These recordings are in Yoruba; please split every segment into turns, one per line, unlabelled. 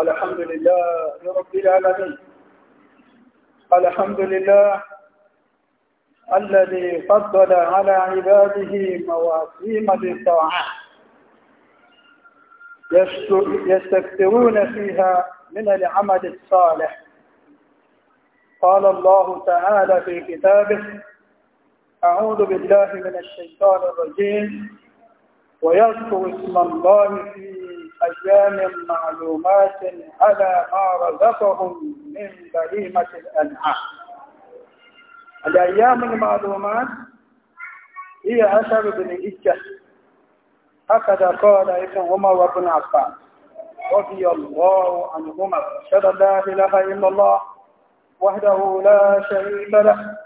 الحمد لله رب العالمين الحمد لله الذي فضل على عباده مواسيم للطاعات يستكثرون فيها من العمل الصالح قال الله تعالى في كتابه أعوذ بالله من الشيطان الرجيم ويذكر اسم الله في أيام معلومات على ما رزقهم من بهيمة الأنعام الأيام المعلومات هي أثر بن إجة هكذا قال ابن عمر وابن عباس رضي الله عنهما أشهد أن لا إله إلا الله وحده لا شريك له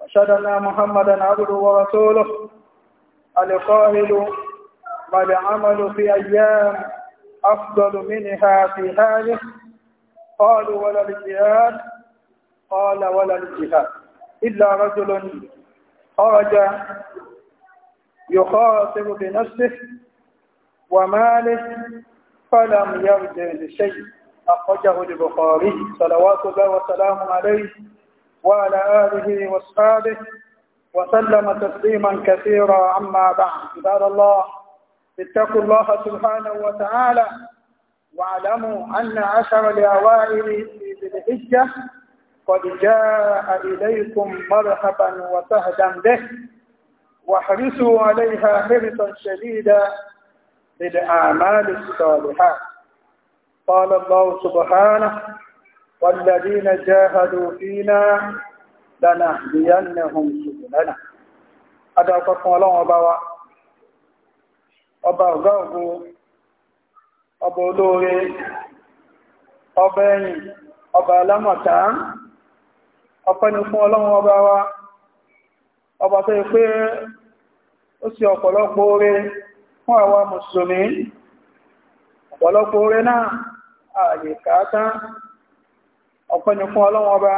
أشهد أن محمدا عبده ورسوله القائل فالعمل في أيام أفضل منها في هذه قالوا ولا الجهاد قال ولا الجهاد إلا رجل خرج يخاطب بنفسه وماله فلم يرجع لشيء أخرجه البخاري صلوات الله وسلامه عليه وعلى آله وأصحابه وسلم تسليما كثيرا عما بعد عباد الله اتقوا الله سبحانه وتعالى واعلموا أن عشر الأوائل في ذي الحجة قد جاء إليكم مرحبا وسهلا به واحرصوا عليها حرصا شديدا للأعمال الصالحات قال الله سبحانه والذين جاهدوا فينا لنهدينهم سبلنا أدعوكم الله وبركاته ọba ọ̀gá ògo ọba olóore ọba ẹ̀yìn ọba alámọ̀tá ọpẹ́ ni fún ọlọ́run ọba wa ọba tó yẹ pé ó sì ọ̀pọ̀lọpọ̀ oore fún àwa mùsùlùmí ọ̀pọ̀lọpọ̀ oore náà ààyè kàátán ọpẹ́ fún ọlọ́run ọba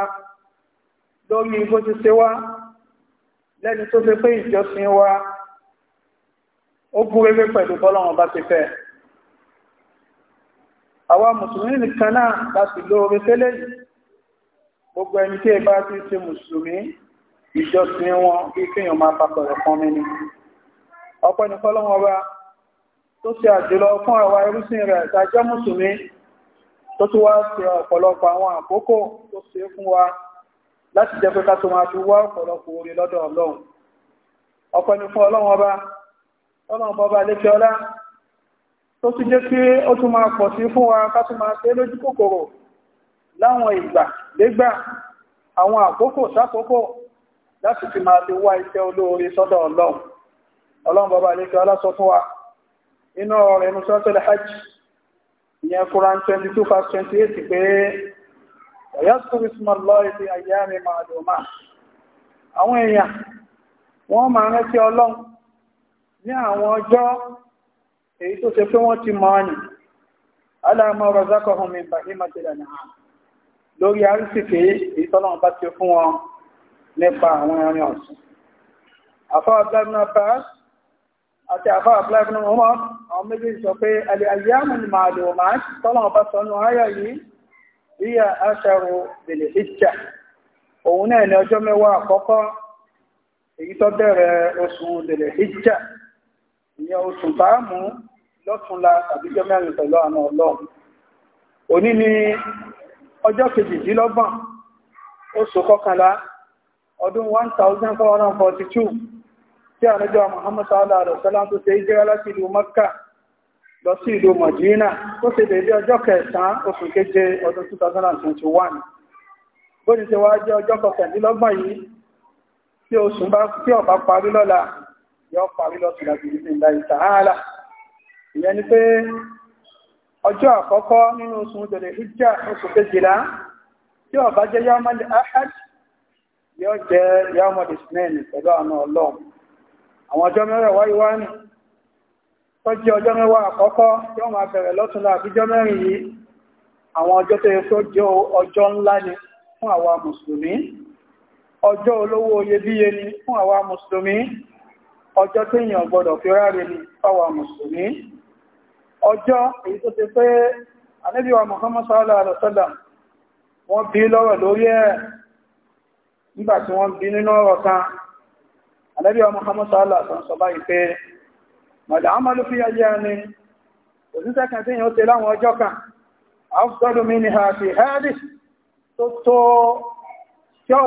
lórí bó ti ṣe wá lẹ́ni tó ṣe pé ìjọsìn wa ó gúnrégé pẹ̀lú bọ́lọ́wọ́n bá ti fẹ́ àwa mùsùlùmí nìkan náà láti lóore tẹ́lẹ̀ yìí gbogbo ẹni tí ẹ bá ti ṣe mùsùlùmí ìjọsìn wọn bí kéèyàn máa papọ̀rọ̀ fún mi ni ọpẹ́ ni fọ́lọ́wọ́n bá tó ṣe àjùlọ fún àwa irúsìn rẹ̀ ìdájọ́ mùsùlùmí tó tún wá ṣe ọ̀pọ̀lọpọ̀ àwọn àkókò tó ṣe fún wa láti jẹ́ pé ká tó máa fi wá ọ̀pọ̀lọpọ̀ orí lọ́dọ̀ ọlọ́run ọpẹ́ ni fún ọlọ́run ọba ọlọ́run bọba lékẹ́ ọlá tó tún jẹ́ pé ó tún máa pọ̀ sí fún wa ká tún máa ṣe lójú kòkòrò láwọn ìgbà dégbà àwọn àkókò sákòókò láti fi máa fi wá iṣẹ́ olóore sọ́dọ̀ ọlọ́run ọlọ́run bọba lékẹ́ ọlá sọ fún wa inú ọ̀rọ̀ rẹ̀ nù sọ́tẹ̀lẹ̀ hajj ìyẹn Quran 22 verse 28 pé ọ̀yọ́sùn ìsúnmọ̀lọ́rì ti àyà mi máa dùn máa àwọn èèyàn wọ́n máa rántí ní àwọn ọjọ́ èyí tó ṣe pé wọ́n ti mọ́ ọ̀nì aláàmọ́ rọ̀zákọ̀ homi bahimatila náà lórí arísìkè èyí tọ́lọ́wọ́n bá ti fún wọn nípa àwọn ẹran ọ̀sìn àfá àbúláàbùnà paris àti àfá àbúláàbùnà ọmọ àwọn méjèèjì sọ pé alẹ́ ayyámù ni màálùmá tọ́lọ́wọ́n bá sọ nù ayà yìí ìyà aṣẹ́rù bèlè hijja òun náà ni ọjọ́ mẹ́wàá àkọ́kọ́ èyí tó bẹ̀rẹ̀ oṣù bèlè hijja ìyẹn oṣù bá mú lọ́túnla tàbí jẹ́ mẹ́rin pẹ̀lú àna ọlọ́run òní ni ọjọ́ kejìdínlọ́gbọ̀n oṣù kọkànlá ọdún 1442 tí àrẹjọ́ Muhammad sallallahu alaihi wasallam tó ṣe ìjẹ́rẹ́ láti ìlú Makka lọ sí ìlú Madina tó ṣe dédé ọjọ́ kẹsàn-án oṣù keje ọdún 2021 bó ti ṣe wá jẹ́ ọjọ́ kọkàndínlọ́gbọ̀n yìí tí oṣù bá parí lọ́la yọ parí lọ́tùlá bìí ní ìlà ìtàhálà ìyẹn ni pé ọjọ́ àkọ́kọ́ nínú oṣù tẹ̀lẹ̀ hijjá oṣù kejìlá tí ó bá jẹ́ yọmọdé ahad jẹ́ pẹ̀lú àwọn ọjọ́ mẹ́rẹ̀ wáyé wá ní tọ́jú ọjọ́ mẹ́wàá àkọ́kọ́ tí ó máa bẹ̀rẹ̀ lọ́tùnlá àbíjọ́ mẹ́rin yìí àwọn ọjọ́ tó yẹ tó jẹ́ ọjọ́ ńlá ni fún àwa mùsùlùmí ọjọ́ olówó ni fún àwa mùsùlùmí ọjọ́ tí èèyàn gbọdọ̀ fi ráre ní fáwà mùsùlùmí ọjọ́ èyí tó ti pé Muhammad sallallahu alaihi wasallam wọ́n bí lọ́rọ̀ lórí ẹ̀ nígbà wọ́n nínú ọ̀rọ̀ kan Muhammad sallallahu alaihi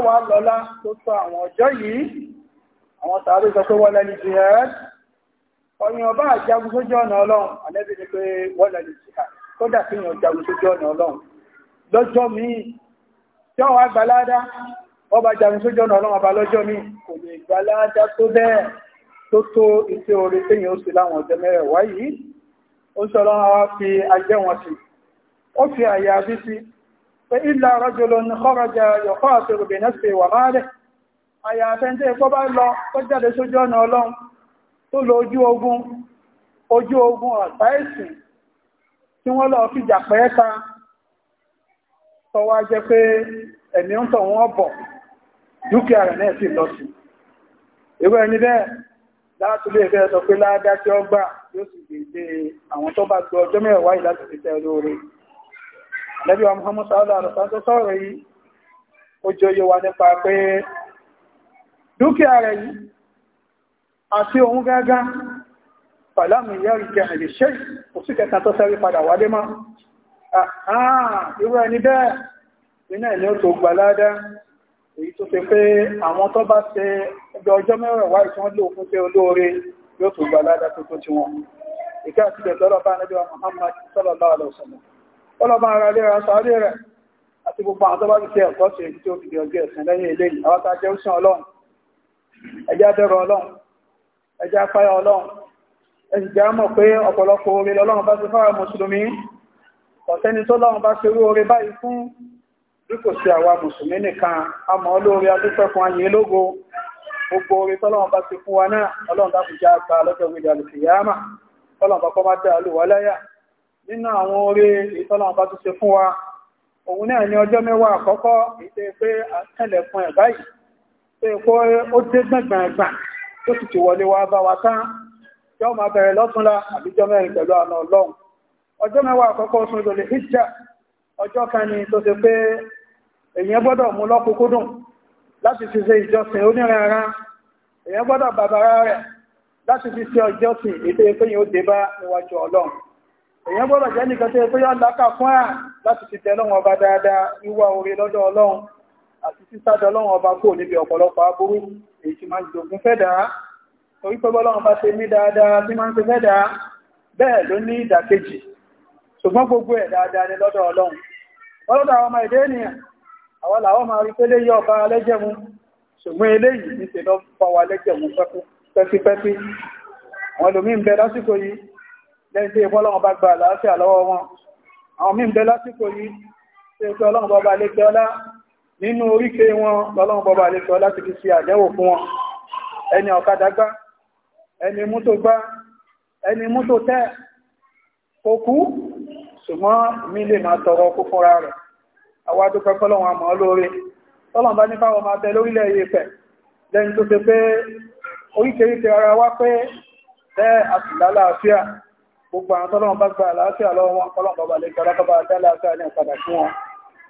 wasallam pé àwọn tàbí sọ pé wọ́n lẹ́ni jihad ọyìn ọba àjagun sójú ọ̀nà ọlọ́run àlẹ́bí ni pé wọ́n lẹ́ni jihad kódà kí èèyàn jagun sójú ọ̀nà ọlọ́run lọ́jọ́ míì tí ọwọ́ àgbàládá ọba jagun ọ̀nà ọlọ́run ọba lọ́jọ́ míì kò lè gbàládá tó bẹ́ẹ̀ tó tó iṣẹ́ orí téèyàn ó sì láwọn ọ̀dẹ́ mẹ́rẹ̀ wáyìí ó sọ lọ́wọ́ wá fi ajẹ́ wọn sí ó fi àyà bí sí pé ìlà rajulun kharaja yọ̀kọ́ àti rùbìnẹ́sì wà máa rẹ̀ àyà àfẹ́ntẹ́ ẹ̀kọ́ bá lọ tó jáde sójú ọ̀nà ọlọ́run tó lọ ojú ogun ojú ogun ọ̀pá ẹ̀sìn tí wọ́n lọ fi jàpẹ́ ẹ̀ta tọwọ́ jẹ́ pé ẹ̀mí ń tọ̀ wọ́n bọ̀ dúkìá rẹ̀ náà sì lọ sí irú ẹni bẹ́ẹ̀ láti lè fẹ́ sọ pé ládá tí ó gbà yóò sì gbèdé àwọn tó bá gbọ́ ọjọ́ mẹ́wàá yìí láti fi tẹ́ olóore lẹ́bí wa Muhammad sallallahu alaihi wasallam sọ̀rọ̀ yìí ó jẹ́ oyé wa nípa pé dúkìá rẹ̀ yìí àti òun gágá pàlámù ìyá ìjẹ àìlèṣẹ́ òsì kẹta tó sáré padà wálé mọ́ irú ẹni bẹ́ẹ̀ iná ẹni ó tó gbà ládá èyí tó ṣe pé àwọn tó bá ṣe ẹgbẹ́ ọjọ́ mẹ́rẹ̀wá ìtún lò fún pé olóore yóò tó gbà ládá tó tó ti wọn ìkẹ́ àti ìgbẹ̀ tọ́lọ́bá níbi wa Muhammad sallallahu alaihi wasallam ọlọ́bá ara léra sáré rẹ̀ àti gbogbo àwọn tó bá ti ṣe ẹ̀kọ́ sí èyí tó fi di ọjọ́ ẹ̀sìn lẹ́yìn eléyìí àwọn tá a jẹ́ òṣìṣẹ́ ẹjá bẹ̀rọ ọlọ́run ẹjá fáyà ọlọ́run ẹjá mọ̀ pé ọ̀pọ̀lọpọ̀ oore lọ́lọ́run bá ti fáwọn mùsùlùmí ọ̀tẹ́ni tó lọ́run bá ṣe rú oore báyìí fún bí kò sí àwa mùsùlùmí nìkan a mọ̀ olóore adúpẹ́ ayé lógo gbogbo tọ́lọ́run bá ti fún wa náà ọlọ́run dákun já gba lọ́jọ́ yáàmà bá kọ́ nínú àwọn bá ṣe wa òun náà ẹ̀kọ́ ó dé gbẹ̀gbẹ̀gbà tó sì ti wọlé wá bá wa tán yọ máa bẹ̀rẹ̀ lọ́túnla àbíjọ́ mẹ́rin pẹ̀lú àna ọlọ́run ọjọ́ mẹ́wàá àkọ́kọ́ oṣù hijab ọjọ́ kan ni tó ṣe pé èèyàn gbọ́dọ̀ mú lọ́kùnkúndùn láti fi ṣe ìjọsìn èèyàn gbọ́dọ̀ bàbára rẹ̀ láti fi ṣe ètò ọba dáadáa wíwá orí lọ́dọ̀ ọlọ́run àti sísájọ ọlọ́run ọba kò níbi ọ̀pọ̀lọpọ̀ aburú èyí tí máa ń jogún fẹ́dà torí pé bọ́lọ́run bá ṣe ní dáadáa tí máa ń ṣe fẹ́dà bẹ́ẹ̀ ló ní ìdàkejì ṣùgbọ́n gbogbo ẹ̀ dáadáa ni lọ́dọ̀ ọlọ́run lọ́dọ̀ àwọn ọmọ èdè ènìyàn àwọn làwọn máa rí pélé yọ ọba lẹ́jẹ̀mú ṣùgbọ́n eléyìí ní ṣe lọ fọ́ wa lẹ́jẹ̀mú pẹ́kípẹ́kí àwọn ẹlòmí ń bẹ lásìkò yìí lẹ́yìn tí ìfọ́lọ́run bá gba àlàáfíà lọ́wọ́ wọn àwọn mí ń bẹ lásìkò yìí tí ìfọ́lọ́run bá ba lè ọlá nínú oríkẹ́ wọn lọ́lọ́run bọba àlefẹ́ láti fi ṣe àdẹ́wò fún wọn ẹni ọ̀kadà gbá ẹni mọ́tò gbá ẹni mọ́tò tẹ́ kò kú ṣùgbọ́n mi lè máa tọrọ kú fúnra rẹ̀ àwádúpẹ́ fọ́lọ́run àmọ́ lóore tọ́lọ̀n bá ní fáwọn máa bẹ lórílẹ̀ èyí pẹ̀ lẹ́yìn tó ṣe pé oríkèríkè ara wá pé bẹ́ àtìlá láàáfíà gbogbo àwọn tọ́lọ̀n bá gba àlàáfíà lọ́wọ́ wọn kọ́lọ̀n bàbá lè gbọ́lá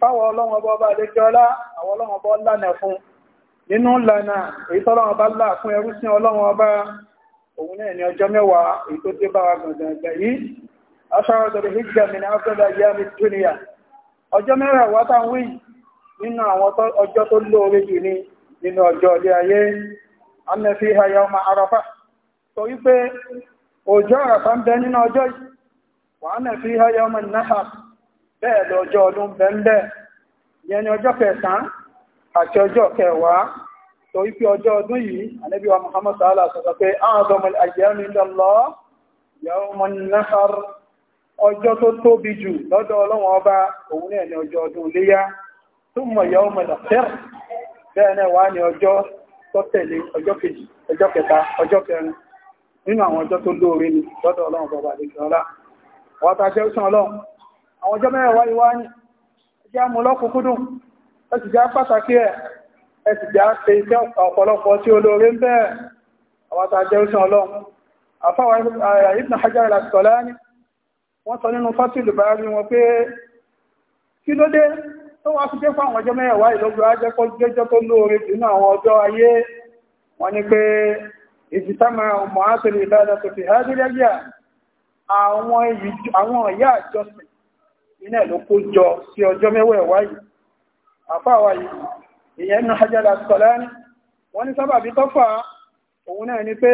fáwọn ọlọ́run ọba ọba àdékẹ́ ọlá àwọn ọlọ́run ọba lánà fún nínú lànà èyí tọ́lọ́run ọba là fún ẹrú sí ọlọ́run ọba òun náà ní ọjọ́ mẹ́wàá èyí tó dé bá wa gbọ̀ngàn yìí aṣọ́rọ̀ tọ́lẹ̀ hijab ní mi bẹ́ẹ̀ lọ́jọ́ ọdún bẹ́ẹ̀ yẹn ni ọjọ́ kẹsàn-án àti ọjọ́ kẹwàá tó wípé ọjọ́ ọdún yìí ànábì wa Muhammad sallá sọ pé àwọn ọmọ àjẹ́rin lọ́lọ́ yawmun nahar ọjọ́ tó tóbi jù lọ́dọ̀ Ọlọ́run ọba òun náà ni ọjọ́ ọdún iléyá thumma yawmul fitr bẹ́ẹ̀ náà wá ní ọjọ́ tó tẹ̀lé ọjọ́ kejì ọjọ́ kẹta ọjọ́ kẹrin nínú àwọn ọjọ́ tó lóore ni lọ́dọ̀ Ọlọ́run ọba àdéjọ́ ọlá wọ́n ta jẹ́ òṣàn Ọlọ́run àwọn ọjọ́ mẹ́rẹ̀wá ìwá ní ẹjá mú lọ́kùnkúndùn ẹsìjá pàtàkì ẹ̀ ẹsìjá ṣe iṣẹ́ ọ̀pọ̀lọpọ̀ tí olóore ń bẹ́ẹ̀ àwátà jẹ́ òṣàn ọlọ́run àfáwà eh, Ibn Hajar al-Asqalani wọ́n sọ nínú fásitì báyìí wọn pé kí ló dé tó wá fi jẹ́ fún àwọn ọjọ́ mẹ́rẹ̀wá ìlọ́gbọ̀ ajẹ́kọ́ jẹ́jọ́ tó lóore nínú àwọn ọjọ́ ìjìtàmà ọmọ àtòlè ìbáradà fi hádìrẹ́gbà àwọn ìyá àjọsìn iná ló kó jọ sí ọjọ́ mẹ́wẹ̀ẹ̀wá yìí àfáwà yìí ìyẹn ní hajjala sọlẹ́ni wọ́n ní sábàbí tọ́fà òun náà ni pé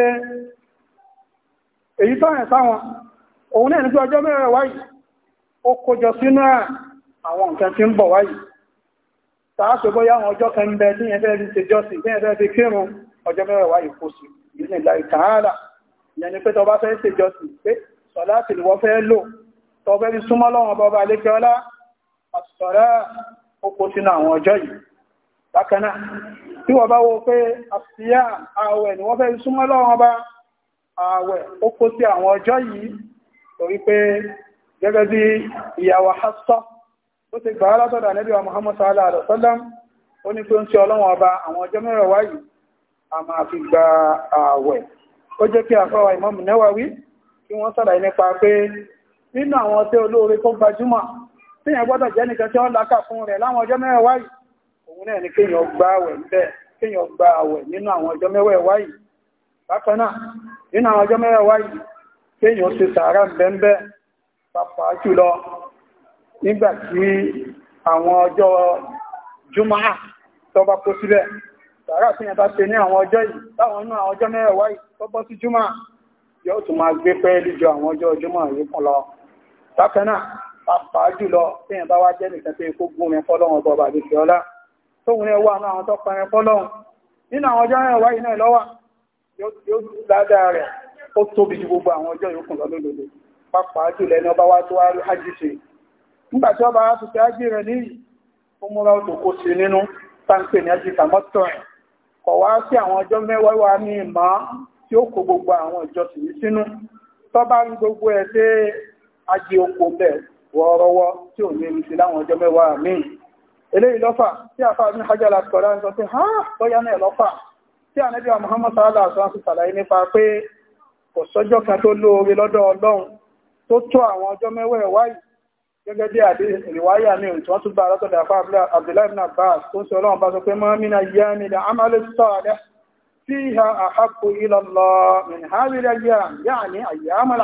èyí tọ́rẹ̀ sáwọn òun náà ni pé ọjọ́ mẹ́wẹ̀ẹ̀wá yìí ó kójọ sínú àwọn nǹkan tí ń bọ̀ wáyìí tààṣe bóyá àwọn ọjọ́ kan bẹ tí yẹn fẹ́ fi ṣe jọ́sìn tí yẹn fẹ́ fi kírun ọjọ́ mẹ́wẹ̀ẹ̀wá yìí kó sí ìlú ìlà ìtààlà ìyẹn ni pé tọba fẹ́ ṣe jọ́sìn pé sọ̀lá tọ́bẹ́ ti súnmọ́ lọ́wọ́n bọba lékẹ́ọ́lá àsọ̀rẹ́ oko sínú àwọn ọjọ́ yìí bákanáà tí wọ́n bá wo pé àsíyá ààwẹ̀ ni wọ́n fẹ́ súnmọ́ lọ́wọ́n bá ààwẹ̀ oko sí àwọn ọjọ́ yìí torí pé gẹ́gẹ́ bí ìyàwó Hafsa ó ti gbà látọ̀dà Ànábì wa Muhammad sallallahu alaihi wasallam ó ní pé ń ṣe kí wọ́n sọ̀rọ̀ nípa pé nínú àwọn tẹ́ olóore tó gbajúmọ̀ tí yẹn gbọ́dọ̀ jẹ́ nìkan tí wọ́n lákà fún rẹ̀ láwọn ọjọ́ mẹ́wàá yìí ni kéèyàn gba àwẹ̀ bẹ́ẹ̀ kéèyàn gba àwẹ̀ nínú àwọn ọjọ́ mẹ́wàá yìí bákan náà nínú àwọn ọjọ́ mẹ́wàá yìí kéèyàn ṣe sàárà bẹ́ẹ̀ pàápàá jùlọ nígbà tí àwọn ọjọ́ jùmọ́à tó bá kó síbẹ̀ sàárà tí yẹn bá ṣe ní àwọn ọjọ́ yìí láwọn inú àwọn ọjọ́ mẹ́wàá yìí sí jùmọ́à yóò tún máa gbé pẹ́ẹ́lí ju àwọn ọjọ́ jùmọ́à yìí kan lọ bákan náà pàápàá jùlọ tí èèyàn bá wá jẹ́ nìkan tó ikú gún mi fọ́lọ́run ọba àbí ìṣọ́lá tóun náà wà náà àwọn tó pa yẹn fọ́lọ́run nínú àwọn ọjọ́ yẹn wáyé náà lọ́wà yóò ládàá rẹ̀ ó tóbi ju gbogbo àwọn ọjọ́ yòókù lọ lólòdò pàápàá jùlọ ẹni ọba wá tó wá rí ájì ṣe nígbà tí ọba tó ti ájì rẹ̀ níyì ó múra ó tó sí nínú táǹpẹ̀ ní ájì tàmọ́tọ̀ rẹ̀ ajé oko bẹ́ẹ̀ wọ́ọ́rọ́wọ́ tí ò ní ìrìsí láwọn ọjọ́ mẹ́wàá míì eléyìí lọ́fà tí àfà ní hajjá láti kọ̀dá ń sọ pé ha lọ́yà náà lọ́fà tí ànábì wa Muhammad sallallahu alaihi wasallam sàlàyé nípa pé kò sọ́jọ́ kan tó lóore lọ́dọ̀ Ọlọ́run tó tó àwọn ọjọ́ mẹ́wàá wáyìí gẹ́gẹ́ bí àdé ìrìwáyà mi tí wọ́n tún bá alátọ̀dà àfà Abdullahi ibn Abbas tó ń sọ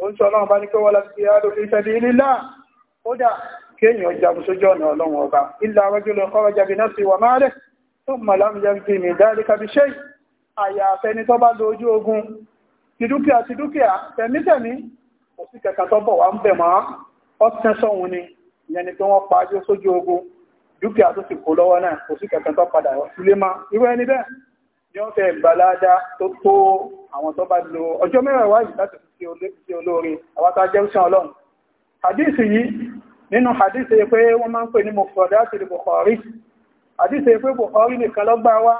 oúnjẹ ọlọ́run bá ní kí wọ́n láti yá lórí ìfẹ́bí nílá kódà kéèyàn jagun sójú ọ̀nà ọlọ́run ọba ilẹ̀ awájú lọ kọ́rọ̀ jabi náà sí wà máa rẹ̀ tó mọ̀ lámúyá bí mi dárí kabi ṣe àyà àfẹni tó bá lo ojú ogun ti dúkìá ti dúkìá tẹ̀mítẹ̀mí kò sí kẹ̀kẹ́ tó bọ̀ wá ń bẹ̀ mọ́ ọ́sẹ̀ sọ̀hun ni ìyẹn ni pé wọ́n pa ajú sójú ogun dúkìá tó sì kó lọ́wọ́ náà kò sí kẹ̀kẹ́ tó padà sílé mọ́ irú ẹni bẹ́ẹ̀ ní wọ́n fẹ́ balada tó tó àwọn tó bá lo ọjọ́ mẹ́rẹ̀wá yìí láti fi sí olóore àwátá jẹ́rùsán ọlọ́run hadisi yìí nínú hadisi pé wọ́n máa ń pè ní mufradati Bukhari hadisi pé Bukhari nìkan lọ́gbà wá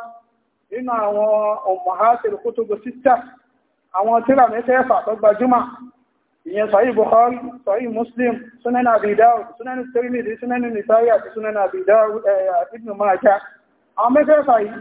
nínú àwọn ummahatil kutubu sitta àwọn tíra mẹ́fẹ́fà tó gbajúmọ̀ ìyẹn sahih Bukhari sahih Muslim sunan Abi Dawud sunan Tirmidhi sunan Nisa'i àti sunan Abi Dawud eh, Ibn Majah àwọn mẹ́fẹ́fà yìí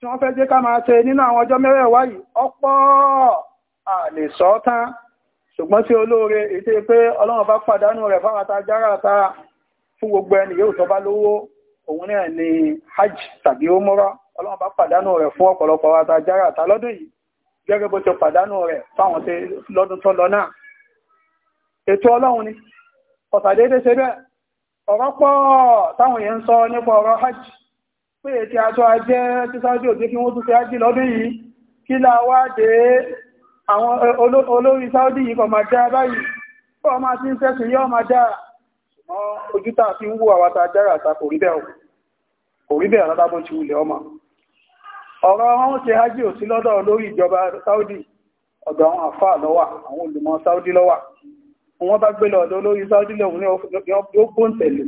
tí wọ́n fẹ́ jẹ́ ká máa ṣe nínú àwọn ọjọ́ mẹ́rẹ̀ yìí ọ̀pọ̀ àlè sọ tán ṣùgbọ́n sí olóore ètò pé ọlọ́run bá pàdánù rẹ̀ fáwata járata fún gbogbo ẹni yóò tó bá lówó òun náà ni hajj tàbí omúra ọlọ́run bá pàdánù rẹ̀ fún ọ̀pọ̀lọpọ̀ wata járata lọ́dún yìí gẹ́gẹ́ bó ti pàdánù rẹ̀ fáwọn tí lọ́dún tó lọ náà ètò hajj pé ètì aṣọ ajẹ́ tí sáájú òjé kí wọ́n tún ṣe ájì lọ́dún yìí kí láwádé àwọn eh, olórí sáúdì yìí kò máa já báyìí pọ́ máa ti ń sẹ́sùn yọ́ máa já ojútà fi ń wó àwátà jára kò rí bẹ́ẹ̀ kò ti wulẹ̀ ọmọ ọ̀rọ̀ wọn ṣe ájì ò lọ́dọ̀ olórí ìjọba sáúdì ọ̀dọ̀ àwọn àfáà lọ́wà àwọn olùmọ̀ sáúdì lọ́wà wọ́n bá gbé lọ́dọ̀ olórí sáúdì lọ́wọ́ ní ó gbóǹtẹ̀lẹ̀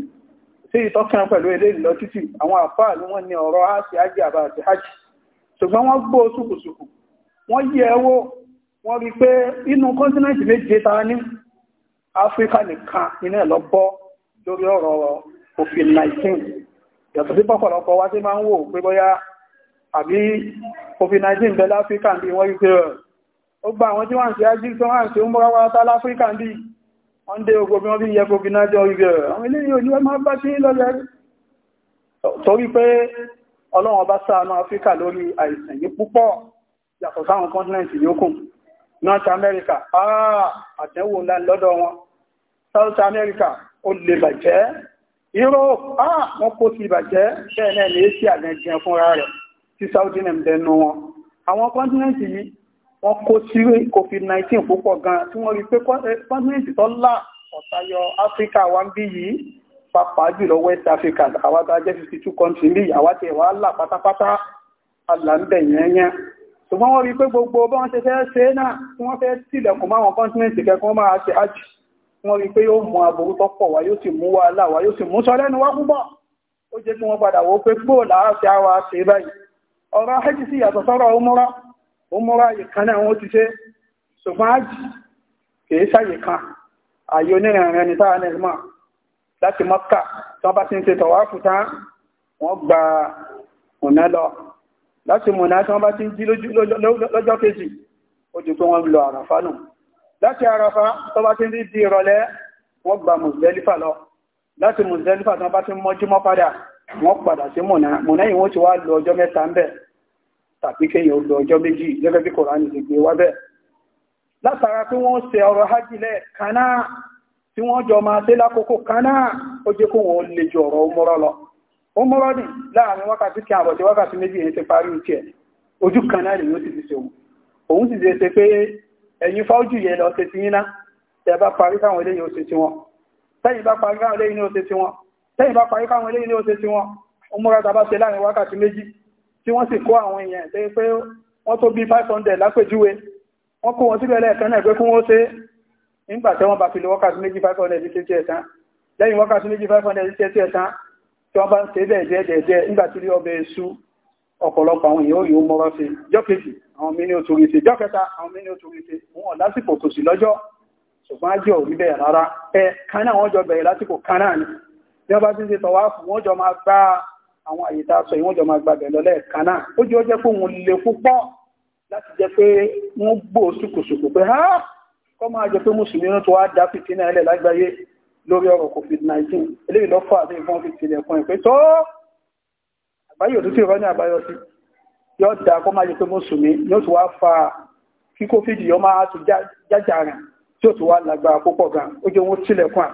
sí ìtọ́kàn pẹ̀lú ilé ìlọ títì àwọn àfáà ni wọ́n ní ọ̀rọ̀ áṣì ájì àbá àti hajj ṣùgbọ́n wọ́n gbọ́ ṣùkùṣùkù wọ́n yẹ ẹwọ́ wọ́n rí pé inú kọ́ńtínẹ̀tì méje ta ní áfíríkà nìkan iná ẹ̀ bọ́ lórí ọ̀rọ̀ òfin 19 yàtọ̀ sí pọ̀pọ̀lọpọ̀ wá sí máa ń wò pé àbí òfin 19 bẹ láfíríkà bí wọ́n rí pé ó gba àwọn tí wọ́n wọ́n dé ogbò bí wọ́n bí yẹ gbogbo náà jọ ibi rẹ̀ àwọn ilé yóò ní wọ́n máa bá sí lọ́lẹ̀ torí pé ọlọ́run ọba ṣàánú Áfíríkà lórí àìsàn yìí púpọ̀ yàtọ̀ sáwọn continent yòókù North America ah àtẹ́wò ńlá lọ́dọ̀ wọn South America ó lè bàjẹ́ Europe ah wọ́n kó sí ìbàjẹ́ bẹ́ẹ̀ náà ní Asia gẹ̀ẹ́gẹ̀ẹ́ fúnra rẹ̀ tí Saudi nem dẹnu wọn àwọn continent yìí wọ́n kó sí covid-19 púpọ̀ gan tí wọ́n rí pé kọ́ńtínẹ̀tì eh, tó là ọ̀tayọ áfíríkà wa ń bí yìí pàápàá jùlọ west africa àwa tá a jẹ́ fifty two country ní àwa tẹ̀ wá là pátápátá àlà ń bẹ̀ yẹn yẹn ṣùgbọ́n wọ́n rí pé gbogbo bá wọ́n ṣe fẹ́ ṣe náà tí wọ́n fẹ́ tilẹ̀kùn máwọn kọ́ńtínẹ̀tì kẹ́kọ́ máa ṣe ájì wọ́n rí pé yóò mú aburú tó pọ̀ wá yóò sì mú wàhálà wá yóò sì mú sọ lẹ́nu wá púpọ̀ ó jẹ́ kí wọ́n padà wò pé gbòòlà á ṣe á wa ṣe báyìí ọ̀rọ̀ hajj sì yàtọ̀ sọ́rọ̀ ó múra ó múra àyè kan náà wọ́n ti ṣe ṣùgbọ́n àjì kìí ṣàyè kan àyè onírìnrìn ẹni tára náà mọ̀ láti mọ́kà tí wọ́n bá ti ń ṣe tọ̀wá fún tán wọ́n gba ọ̀nà lọ láti mọ̀nà tí wọ́n bá ti ń jí lọ́jọ́ kejì ó ti pé wọ́n lọ àràfá nù láti àràfá tó bá ti ń di ìrọ̀lẹ́ wọ́n gba mùsùlẹ́lífà lọ láti mùsùlẹ́lífà tí bá ti mọ́júmọ́ padà wọ́n padà sí mọ̀nà mọ̀nà ti wá lọ ọjọ́ mẹ́ta ń bẹ̀ tàbí kéèyàn ó lo ọjọ́ méjì gẹ́gẹ́ bí kòránì ti gbé wá bẹ́ẹ̀ látara tí wọ́n ṣe ọ̀rọ̀ hajj lẹ́ẹ̀kan náà tí wọ́n jọ máa ṣe lákòókò kan náà ó jẹ́ kó wọn lè ju ọ̀rọ̀ ọmọrọ lọ ọmọrọ nì láàrin wákàtí kan àbọ̀tí wákàtí méjì yẹn ti parí tiẹ̀ ojú kan náà lèyìn ó sì ti ṣe òun òun sì ṣe pé ẹ̀yin fáwọ́jù yẹn lọ ṣe ti yín ná tẹ́ bá parí káwọn eléyìí ó ṣe ti wọn tẹ́yìn bá parí káwọn eléyìí ó ṣe ti wọn tẹ́yìn bá parí káwọn eléyìí ó ṣe ti wọn ọmọrọ tí wọ́n sì kó àwọn èèyàn lẹ́yìn pé wọ́n tó bí 500 lápèjúwe wọ́n kó wọn síbẹ̀ lẹ́ẹ̀kan náà pé fún wọ́n ṣe nígbà tí wọ́n bá fi lè wákàtí méjì 500 títí tí ẹ̀sán lẹ́yìn wákàtí méjì 500 títí tí ẹ̀sán tí wọ́n bá ń ṣe bẹ́ẹ̀ dẹ́ẹ̀dẹ́ẹ̀ nígbà tí ọbẹ̀ su ọ̀pọ̀lọpọ̀ àwọn èèyàn yóò mọ́ra sí jọ́ àwọn mí ní o torí ṣe jọ́ kẹta àwọn mí ní o torí ṣe wọn ò lásìkò kò sí lọ́jọ́ ṣùgbọ́n ajé ò rí bẹ́ẹ̀ rárá ẹ̀ kan náà wọ́n jọ bẹ̀rẹ̀ lásìkò kan náà ni bí wọ́n bá ti ń ṣe tọ̀wá fún wọ́n jọ máa gbá àwọn àyè tá a sọ ìwọ́n jọ máa gbàgbẹ̀ lọ lẹ́ẹ̀kan náà ó jẹ́ ó jẹ́ pé òun lè púpọ̀ láti jẹ́ pé wọ́n gbò sùkùsùkù pé ha kọ́ máa jẹ́ pé mùsùlùmí inú tó wá dá fìtínà ẹlẹ̀ lágbàáyé lórí ọ̀rọ̀ covid-19 eléyìí lọ́fọ́ àti ìfọ́n fi tilẹ̀ fún ìpé tó àgbáyé òtútù ìrọ́ ní àbáyọ sí yóò dá kọ́ máa jẹ́ pé mùsùlùmí yóò tó wá fa kí covid yóò máa tún jájà rẹ̀ tí ó tó wá lágbára púpọ̀ gan ó jẹ́ wọn tilẹ̀ fún à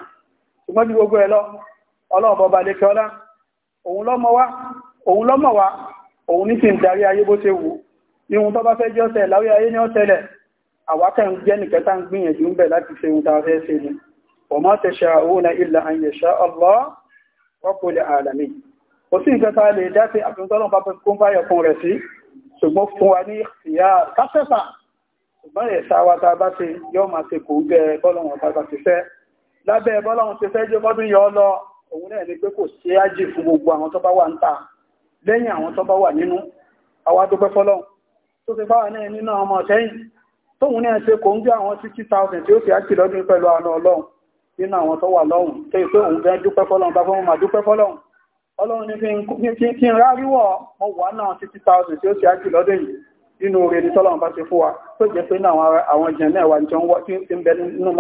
ṣùgbọ́n ní gbogbo ẹ lọ ọlọ́ọ̀bọ̀ balẹ̀ kí ọlá òun lọ́mọ wá òun lọ́mọ wá òun ní sì ń darí ayé bó ṣe wù ihun tó bá fẹ́ jẹ́ ọ̀sẹ̀ láwé ayé ní ọ̀tẹ̀lẹ̀ àwákẹ́ ń jẹ́ nìkẹta ń gbìyànjú ń bẹ̀ láti ṣe ohun tá fẹ́ ṣe ni wa ma tasha'una illa an yasha Allah rabbul alamin kò sí nǹkan tá a lè dá sí àfihàn bá kó ń báyọ̀ fún rẹ̀ sí ṣùgbọ́n fún wa ní ìyá kásẹ̀sà ṣùgbọ́n ẹ̀ṣà wa tá a bá ṣe yọ́ máa ṣe kò ń gẹ òun náà ni pé kò sí ájì fún gbogbo àwọn tó bá wà ń ta lẹ́yìn àwọn tó bá wà nínú àwa dúpẹ́ fọ́lọ́run tó ti bá wà náà nínú ọmọ sẹ́yìn tóun náà ṣe kò ń gbé àwọn sixty thousand tí ó fi ájì lọ́dún pẹ̀lú àna ọlọ́run nínú àwọn tó wà lọ́hùn tó yẹ pé òun gan dúpẹ́ fọ́lọ́run bá fọ́n máa dúpẹ́ fọ́lọ́run ọlọ́run ní kí n ráríwọ̀ mo wà náà sixty thousand tí ó fi ájì lọ́dún yìí nínú oore ní tọ́lọ́run bá ti fún wa tó jẹ́ pé náà àwọn jẹ̀ náà wà ní tí ń bẹ nínú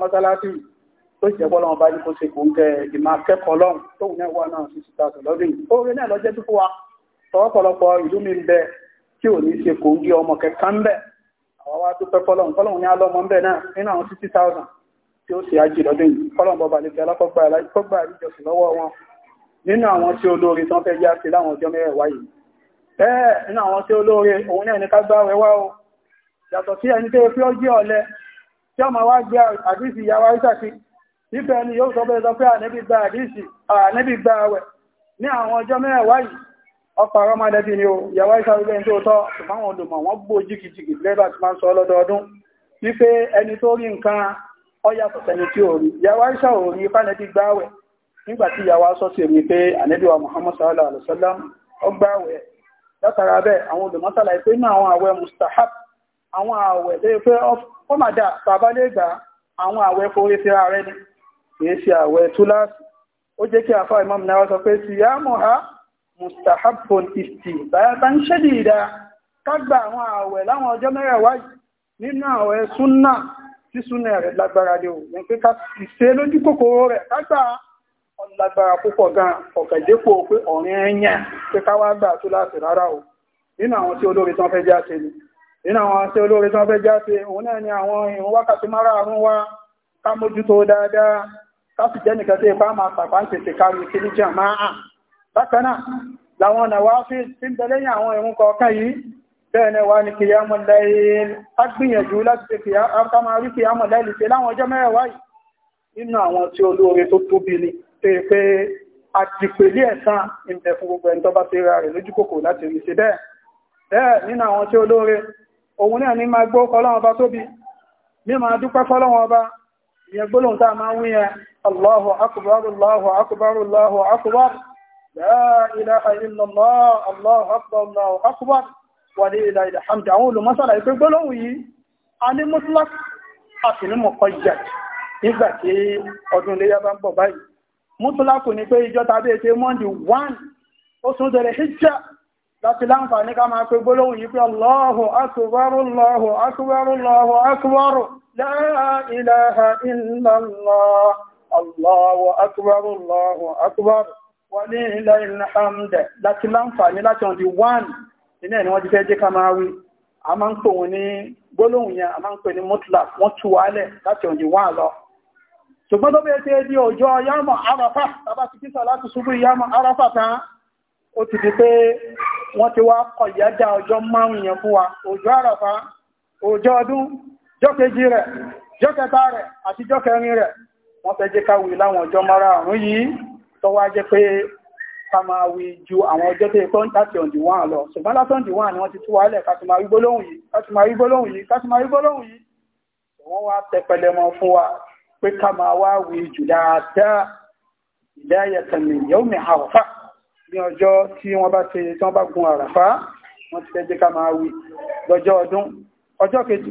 mọ́sálásí ó sì jẹ́pọ́ lọ́wọ́ bá ní kó ṣe kò ń kẹ ìmọ̀ akẹ́kọ̀ọ́ lọ́hùn tóun náà wà náà sí síta sọ lọ́dún yìí oore náà lọ́jẹ́ tó fún wa tọ́pọ̀lọpọ̀ ìlú mi ń bẹ tí ò ní ṣe kò ń gé ọmọ kẹta ń bẹ àwọn wa dúpẹ́ fọlọ́hùn fọlọ́hùn ní alọ́mọ ń bẹ náà nínú àwọn sixty thousand tí ó ṣe ájì lọ́dún yìí fọlọ́hùn bọ́ balẹ̀ fi alákọ̀ọ́gbà àríjọsìn lọ́wọ́ wọn nínú àwọn tí olóore tán fẹ́ yá sí láwọn ọjọ́ mẹ́rẹ̀ wáyé bẹ́ẹ̀ nínú àwọn ibẹ̀ ni yóò sọ bẹ́ẹ̀ sọ pé ànẹ́bí gba àdíṣì ànẹ́bí gba ní àwọn ọjọ́ mẹ́wàá yìí ọpa rọ́mọdẹ́bí ni o yàwá ìsàrúgbẹ́ tó tọ́ ṣùgbọ́n olùmọ̀ wọ́n jìkìjìkì lẹ́bà tí máa sọ lọ́dọọdún wípé ẹni tó rí nǹkan ọyàtọ̀ sẹni tí ò rí yàwá ò rí nígbà tí yàwá wa Muhammad sallallahu alaihi látara bẹ́ẹ̀ àwọn pé ní àwọn àwẹ̀ mustahab àwọn àwẹ̀ àwọn àwẹ̀ kìí ṣe àwẹ̀ túláàsì ó jẹ́ kí àfáà Imam Nawawi sọ pé síyámù ha mustahabun isti bàyàtà ń ṣẹ́dì ìdá kágbà àwọn àwẹ̀ láwọn ọjọ́ mẹ́rẹ̀wá nínú àwẹ̀ súnà tí súnà rẹ̀ lágbára lé o ní pé ká ṣe lójú kòkòrò rẹ̀ kágbà ọlágbára púpọ̀ gan ọ̀kẹ̀dépò pé ọ̀rin ẹ̀yà pé ká wá gbà túláàsì rárá o nínú àwọn tí olóore tán fẹ́ jáde ni nínú àwọn tí olóore tán fẹ́ jáde òun náà ni àwọn ìrun wákàtí márààrún wa ká mójútó dáadáa káàsì jẹ́ nìkan tí ipá máa tàbá ń tètè kárí kí ní jẹ́ máa hàn bákan náà làwọn ọ̀nà wá fi ti ń bẹ lẹ́yìn àwọn ìrun kọ̀ọ̀kan yìí bẹ́ẹ̀ ni wá ní kìyàmù láìl á gbìyànjú láti ṣe kìyàmù láìl ṣe láwọn ọjọ́ mẹ́rẹ̀wáyì nínú àwọn tí olóore ni pé pé àtìpèlé ẹ̀sán ìbẹ̀ fún gbogbo ẹni tó bá ti ra rí ṣe bẹ́ẹ̀ ìyẹn gbólóhùn tá a máa ń wí yẹn Allahu akbar Allahu akbar Allahu akbar la ilaha illallah Allahu akbar Allahu akbar wà ní ilẹ̀ ilẹ̀ hamdi àwọn olùmọ́sára ìpé gbólóhùn yìí a ní mutlak a sì ní mọ̀kọ́ jẹ nígbà tí ọdún iléyà bá ń bọ̀ báyìí mutlak kò ní pé ìjọ tàbí ètè mọ́ndì 1 oṣù tẹ̀lẹ̀ hijja láti láǹfààní ká máa pé gbólóhùn yìí pé Allahu akbar Allahu akbar Allahu akbar لا إله إلا الله الله أكبر الله أكبر ولله الحمد láti láǹfààní láti ọ̀dí wọ́n nínú ẹni wọ́n ti fẹ́ jẹ́ ká máa wí a máa ń pè wọ́n ní gbólóhùn yẹn a máa ń pè ní mutla wọ́n tú wálẹ̀ láti ọ̀dí wọ́n lọ ṣùgbọ́n tó bẹ́ẹ̀ tẹ́ di ọjọ́ yàmọ̀ arafa tàbá ti kíṣà láti ṣubú yàmọ̀ arafa tán ó ti di pé wọ́n ti wá kọ̀yájá ọjọ́ márùn-ún yẹn fún wa ọjọ́ arafa ọjọ́ ọdún jọ́kejì rẹ̀ jọ́kẹta rẹ̀ àti jọ́kẹrin rẹ̀ wọ́n fẹ́ jẹ́ káwí láwọn ọjọ́ mara àrùn yìí tó wá jẹ́ pé ká máa wí ju àwọn ọjọ́ tó tọ́ láti ọ̀dì wọ́n lọ ṣùgbọ́n látọ̀dì wọ́n ni wọ́n ti tú wa lẹ̀ káti máa rí gbólóhùn yìí káti máa rí gbólóhùn yìí káti máa rí ní ọjọ́ tí wọ́n bá ti tí wọ́n bá gun àràfà wọ́n ti fẹ́ jẹ́ ká máa wí lọ́jọ́ ọdún ọjọ́ kejì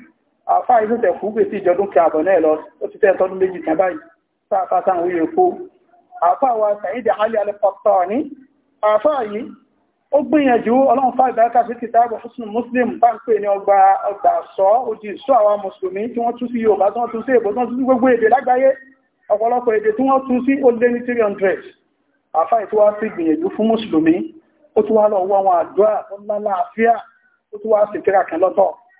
àfá ìsúnṣẹ̀ fún pèsè ìjọdún kí àbọ̀ náà lọ ó ti tẹ́ tọ́dún méjì kan báyìí sáfá sáwọn orí al-Qahtani àfá yìí ó gbìyànjú ọlọ́run fà ìbáríkà sí kìtàbù Husn Muslim bá ń pè ní ọgbà ọgbà sọ ojì sọ àwọn mùsùlùmí tí wọ́n tún sí Yorùbá tí wọ́n tún sí èbó tí wọ́n tún sí gbogbo èdè lágbàáyé ọ̀pọ̀lọpọ̀ èdè tí wọ́n tún sí ó lé ní 300 àfá ìtúwá sí gbìyànjú fún mùsùlùmí ó tún wá lọ wọ́n àwọn àdúrà tó lálàáfíà ó tún wá sì kíra kan lọ́tọ̀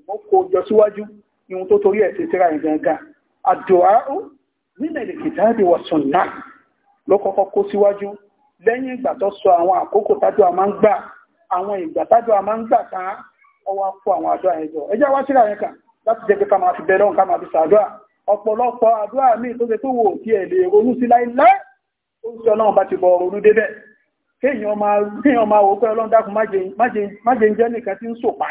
ṣùgbọ́n kò jọ síwájú ihun tó torí ẹ̀ ti tẹ́ra ẹ̀ gangan àdùá ó nílẹ̀ lè kìtàbí wọ sùnnà ló kọ́kọ́ kó síwájú lẹ́yìn ìgbà tó sọ àwọn àkókò tájọ́ a máa ń gbà àwọn ìgbà tájọ́ a máa ń gbà tán ọwọ́ kó àwọn àdúrà yẹn jọ ẹjẹ́ wá síra yẹn kà láti jẹ́ pé ká máa fi bẹ̀rẹ̀ òun ká máa fi sàdúrà ọ̀pọ̀lọpọ̀ àdúrà míì tó ṣe tó wò tí ẹ̀ lè ronú sí láìláì ó ń sọ náà bá ti bọ̀ ronú débẹ̀ kéèyàn máa wò pé ọlọ́run dákun má nìkan tí ń sòpá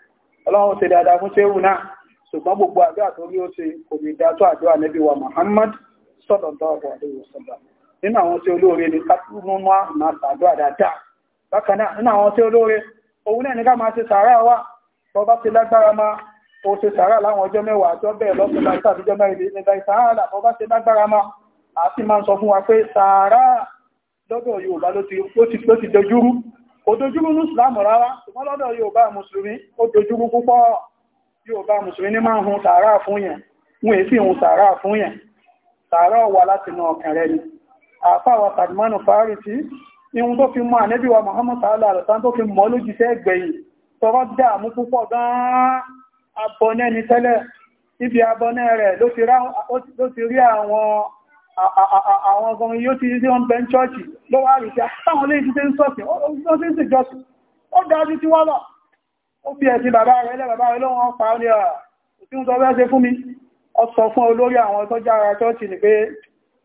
ọlọ́run ṣe dáadáa fún ṣéwù náà ṣùgbọ́n gbogbo àdúrà tó rí ó ṣe kò ní dá tó àdúrà nẹ́bí wa Muhammad sallallahu alaihi wasallam nínú àwọn tí olóore ni ká mú mọ́ máa ṣàdúrà dáadáa bákan náà nínú àwọn tí olóore òun náà ní ká máa ṣe sàárà wa tó bá ti lágbára máa ó ṣe sàárà láwọn ọjọ́ mẹ́wàá tó bẹ̀rẹ̀ lọ́sùn láti àbíjọ́ mẹ́rin nígbà ìsàárà tó bá ṣe lágbára máa àti máa ń sọ fún wa pé sàárà lọ́dọ̀ Yorùbá ló ti dojúrú kò dojúrú mùsùlámù rárá ṣùgbọ́n lọ́dọ̀ Yorùbá mùsùlùmí ó dojúrú púpọ̀ Yorùbá mùsùlùmí ní máa ń hun tààrà fún yẹn wọ́n èsì hun tààrà fún yẹn tààrà wà láti nà ọkàn rẹ̀ ni àfáwà Salmanu Farisi ihun tó fi mọ́ ànẹ́bíwa Muhammad sallallahu ibi abọ́nẹ́ rẹ̀ ló ti rí àwọn ọgbọ̀n yóò ti rí wọn bẹ́ẹ̀ chọ́ọ̀chì lọ́wọ́ àríṣà táwọn lè ti tẹ́ ń sọ́sìn ó ti ń sì jọ́sìn ó dájú tí wọ́n lọ ó fi ẹ̀sìn bàbá rẹ̀ lẹ́ bàbá rẹ̀ lọ́wọ́ pa ní ọ̀rọ̀ tí wọ́n sọ bẹ́ẹ̀ ṣe fún mi ó sọ fún olórí àwọn tó jára chọ́ọ̀chì ni pé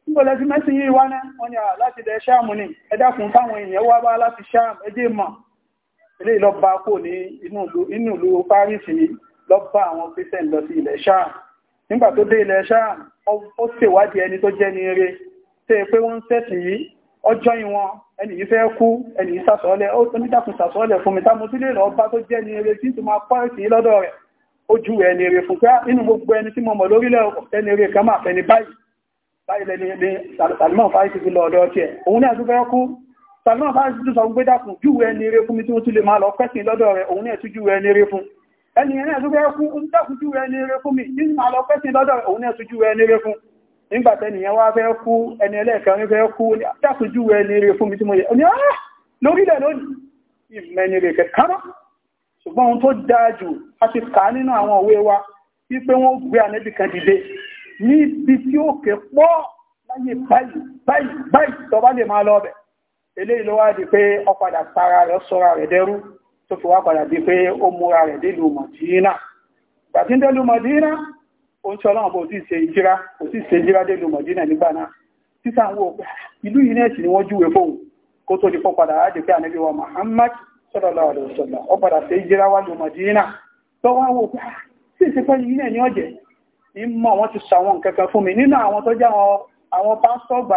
nígbòlẹ̀ sí mẹ́sìn yìí wá náà wọ́n ni láti dẹ̀ ṣáàmù ni ẹ dákun táwọn èèyàn wá bá láti ṣáàmù ẹjẹ́ mọ̀ ilé ìlọ́ba kò ní inú ìlú Paris yìí lọ́ba àwọn christian lọ sí ilẹ̀ ṣáàmù nígbà tó dé ilẹ̀ ṣáàmù ó ṣèwádìí ẹni tó jẹ́ ní eré tẹ́ pé wọ́n ń sẹ́sì yìí ọjọ́ ìwọ̀n ẹni yìí fẹ́ kú ẹni yìí sàsọ́ọ́lẹ̀ ó onídàkùn sàsọ́ọ́lẹ̀ fún mi tá mo tún lè lọ bá tó jẹ́ ní eré tí tó máa pọ́ ẹ̀sìn yìí lọ́dọ̀ rẹ̀ ó ju ẹni eré fún pé ah, nínú gbogbo ẹni tí mo mọ̀ lórílẹ̀ ẹni eré kan máa fẹ́ni báyìí báyìí lẹni Salman Farisi ti lọ ọ̀dọ̀ tiẹ̀ òun náà tún Salman Farisi tún sọ gbé dàkùn ju ẹni eré fún mi tí mo tún lè máa lọ pẹ́sìn lọ́dọ̀ rẹ̀ òun náà ẹni ẹni ẹ̀sùgbẹ́ fún ń dákùjú rẹ̀ ní eré fún mi nínú àlọ́ pẹ́sìn lọ́dọ̀ òun ní ẹ̀sùjú rẹ̀ ní eré fún nígbàtẹ́ni yẹn wá fẹ́ kú ẹni ẹlẹ́ẹ̀kan fẹ́ kú dákùjú rẹ̀ ní eré fún mi tí mo yẹ ah! lórílẹ̀ lónìí ìmẹ́ni rẹ̀ kẹkàrọ̀ ṣùgbọ́n ohun tó dáa jù a ti kà nínú àwọn òwe wa wípé wọ́n gbé ànẹ́bì kan dìde níbi tí ó kè pọ́ láyé báyìí báyìí tó fi wá padà bí pé ó múra rẹ̀ délùú Mọ̀dínà gbàtí ń délùú Mọ̀dínà ó ń ṣọlọ́run bó ti ṣe ìjírá kò sí ṣe ìjírá délùú Mọ̀dínà nígbà náà títà ń wo ìlú yìí nẹ́ẹ̀sì ni wọ́n júwe fóun kó tó di pọ́padà láti pé ànábì wa Muhammad sallallahu alaihi wasallam ó padà ṣe ìjírá wá lu Mọ̀dínà tó wá wo pé ah, sí ìṣẹ́fẹ́ yìí náà ní ọ̀jẹ̀ ìmọ̀ wọn ti sàwọn nǹkan kan fún mi nínú àwọn tó jẹ́ àwọn pásítọ̀ gbà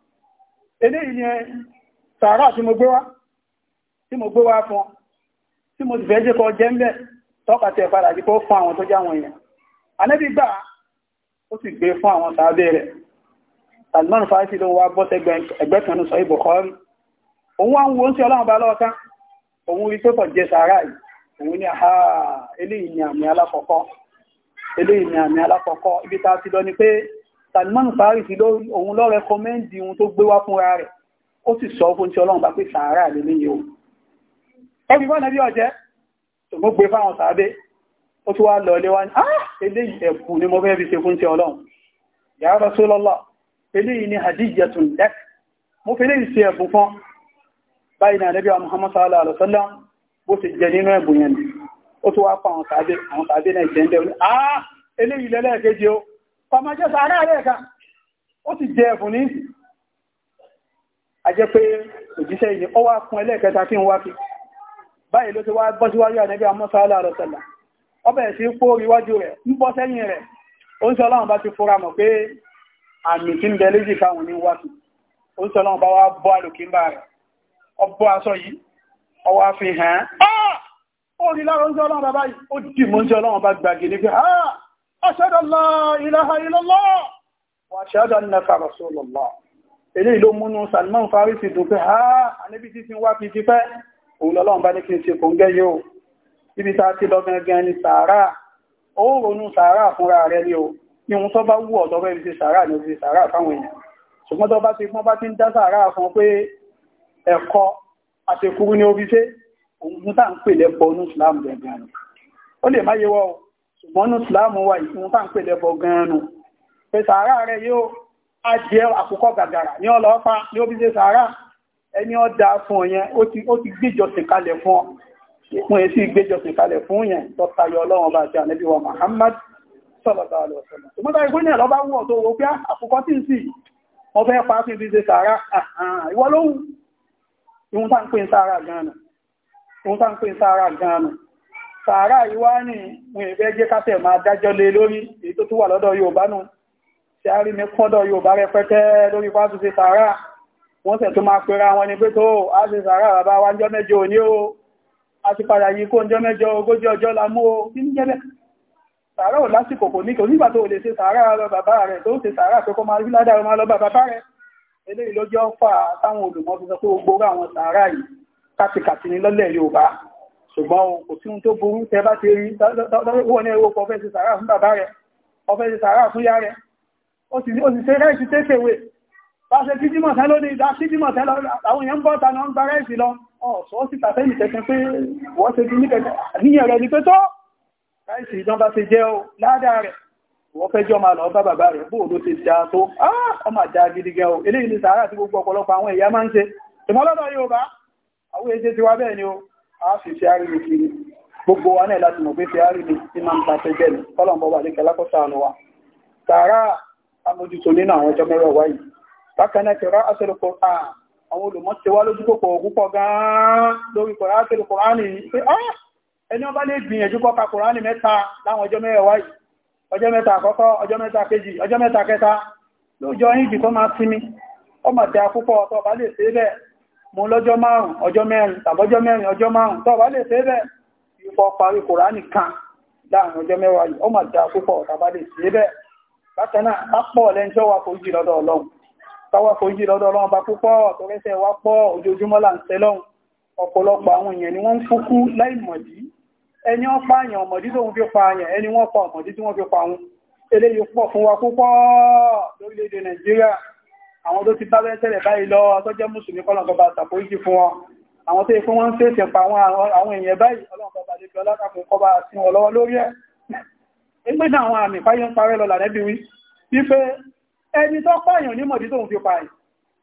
ele ni sàárà tí mo gbé wá tí mo gbé wá fún tí mo sì fẹ́ jẹ́ kọ jẹ́ ń bẹ̀ tọ́kàtẹ̀ padà jí kó fún àwọn tó já wọn èèyàn anẹ́bí gbà ó sì gbé fún àwọn sàábẹ́ rẹ̀ Salman Farisi ló wá bọ́ ẹgbẹ́ kan ní sọ Bukhari òun wá ń wo ń sí ọlọ́run bá lọ́ọ̀ká òun rí pé kọ̀ jẹ sàárà yìí òun ní àhá eléyìí ni àmì alákọ̀ọ́kọ́ eléyìí ni àmì alákọ̀ọ́kọ́ ibi tá a ti lọ ni pé Salman Farisi òun lọ rẹkọmẹ́ndì ohun tó gbé wá fúnra rẹ̀ ó sì sọ fún tí ọlọ́run bá pé sàárà lè ní yóò ó fi fọ́nà bí ọ̀jẹ́ tó gbé fáwọn sàábé ó tún wá lọ ilé wá ní ah eléyìí ẹ̀kù ni mo fẹ́ fi ṣe fún tí ọlọ́run ya Rasulullah eléyìí ni hadijatun lak mo fi eléyìí ṣe ẹ̀bùn fún báyìí náà lẹ́bí Muhammad sallallahu alaihi wasallam bó ti jẹ nínú ẹ̀bùn yẹn ó tún wá pa sàábé àwọn sàábé náà jẹ́ ń bẹ́ẹ̀ ah eléyìí lẹ́lẹ́ẹ̀kejì pàmàjẹ́ sàárà rẹ̀ kan ó ti jẹ ẹ̀bùn ní àjẹ́ pé òjíṣẹ́ ìní ọ wá fún ẹlẹ́ẹ̀kẹta kí n wá fi báyìí ló ti wá bọ́ síwájú ànẹ́bí amọ́sáàlá àrọ̀sẹ̀lá ọbẹ̀ sí pó ríwájú rẹ̀ ń bọ́ sẹ́yìn rẹ̀ ó ń sọlọ́run bá ti fura mọ̀ pé rí lára ó ń sọlọ́run bá ó dì mọ́ ń bá gbàgì ní pé أشهد أن لا إله إلا الله وأشهد أنك رسول الله èlé ìlú múnú Salman Farisi dùn pé ha anábi tí ti wá fi ti fẹ́ òun lọ́lọ́run bá ní kí n ṣe kò ń gẹ́ yóò ibi ta ti lọ gangan ni sàárà ó ronú sàárà fúnra rẹ̀ ni o ní ohun tó bá wù ọ̀dọ́ bẹ́ẹ̀ fi sàárà ní fi sàárà fáwọn èèyàn ṣùgbọ́n tó bá ti pọ́n bá ti ń dá sàárà fún pé ẹ̀kọ́ àti kúrú ní orí ṣe òun tá ń pè lẹ́bọ̀ ní Islam gangan ṣùgbọ́n ní ìsìláàmù wa ìfún tá ń pè lẹ́bọ gan-an nù pé sàárà rẹ̀ yóò ajẹ́ àkókò gàgàrà ní ọlọ́pàá ní ó bí ṣe sàárà ẹni ó dáa fún ọ yẹn ó ti gbéjọsìn kalẹ̀ fún ọ ìpín èsì ìgbéjọsìn kalẹ̀ fún yẹn tó ọlọ́run bá Muhammad sọ̀lọ̀tà àlọ́sọ̀lọ̀ ṣùgbọ́n táyé gbóyìn lọ́ba wù ọ́ tó wo pé ah, àkókò tí ń sì wọ́n fẹ́ pa sí ibi ṣe sàárà ìwọ lóhùn ìhun sàárà ìwá ní wọn ìfẹ́ jẹ́ kásẹ̀ máa dájọ́ lé lórí èyí tó tún wà lọ́dọ̀ Yorùbá nù tí a rí mi kọ́dọ̀ Yorùbá rẹpẹtẹ lórí fásitì ṣe sàárà wọ́n sẹ̀ tó máa pèrà wọn ni pé tó a ṣe sàárà bàbá wa mẹ́jọ òní o padà yìí kó mẹ́jọ ogójì ọjọ́ la mú o kí ní sàárà ò lásìkò kò ní kò nígbà tó lè ṣe sàárà lọ bàbá tó ṣe sàárà máa rí ládàá máa lọ bàbá rẹ eléyìí ló jẹ́ táwọn fi sọ pé àwọn sàárà yìí kátìkàtì ní ṣùgbọ́n kò sí ohun tó burú tẹ bá ti rí wọ́n ní ẹwọ́ ọfẹ́ ti sàárà fún bàbá rẹ̀ ọfẹ́ ti sàárà fún yá rẹ̀ ó sì ṣe rẹ́ẹ̀sì tẹ́sẹ̀wé bá ṣe kí dímọ̀ tẹ́lọ́ ní ìdá sí dímọ̀ tẹ́lọ́ àwọn èèyàn bọ́ta lọ ń gba rẹ́ẹ̀sì lọ ọ̀sọ́ sì tàfẹ́ mi kẹ̀kẹ́ pé wọ́n ṣe kí ní kẹ̀kẹ́ níyàn rẹ̀ ni pé tó rẹ́ẹ̀sì ìjọba ṣe jẹ́ o ládàá rẹ̀ wọ́n fẹ́ jọ máa lọ bá bàbá rẹ̀ bóòdó ti dá tó ọmọ àjá gidi gan o eléyìí ni sàárà tí gbogbo ọ̀pọ̀lọpọ̀ àwọn ẹ̀yà máa ń ṣe ìmọ́lọ́dọ̀ Yorùbá àwọn èdè ti wá bẹ́ẹ̀ ni o a sì fi àríwí kiri gbogbo wa náà láti mọ̀ pé fi àríwí tí máa ń ta fẹ́jẹ́ ni kọ́lọ̀mọ́ wà ní kẹlákọ́sà àánú wa tààrà amójútó nínú àwọn ọjọ́ mẹ́rẹ̀ wáyé bákan náà kẹrọ àṣẹlẹ̀ Qur'an àwọn olùmọ̀ ti wá lójú kòkò púpọ̀ gan-an lórí kọ̀rọ̀ àṣẹlẹ̀ Qur'an ni pé ẹni ọba lè gbìyànjú kó ka Qur'an mẹ́ta láwọn ọjọ́ mẹ́rẹ̀ wáyé ọjọ́ mẹ́ta àkọ́kọ́ ọjọ́ mẹ́ta kejì ọjọ́ mẹ́ta kẹta mú lọ́jọ́ márùn-ún ọjọ́ mẹ́rin tàbọ́jọ́ mẹ́rin ọjọ́ márùn-ún tó bá lè ṣe ìfọ́ parí kòránì kan láàrin ọjọ́ mẹ́wàá yìí ó mà dá púpọ̀ tàbá lè ṣe bẹ́ẹ̀ bákan náà á pọ̀ lẹ́njọ́ wa foríjì lọ́dọ̀ ọlọ́run táwa foríjì lọ́dọ̀ ọlọ́run bá púpọ̀ tó rẹ́sẹ̀ wá pọ̀ ojoojúmọ́ là ń ṣe lọ́run ọ̀pọ̀lọpọ̀ àwọn èèyàn ni wọ́n ń fúkú láì mọ̀dí ẹni wọ́n pa àyàn ọmọdí tó àwọn tó ti bá bẹ́ẹ̀ tẹ́lẹ̀ báyìí lọ tọ́jẹ́ mùsùlùmí kọ́lọ̀kọba àtàkóríjì fún wọn àwọn tó yẹ fún wọn ń fèsì pa àwọn èèyàn báyìí ọlọ́kọba lè fi ọlọ́kàkùn kọba sí wọn lọ́wọ́ lórí ẹ̀ ẹgbẹ́ náà àwọn àmì fáyé ń parẹ́ lọ lànẹ́bí wí wípé ẹni tó pààyàn ní mọ̀dí tó ń fi pa ẹ̀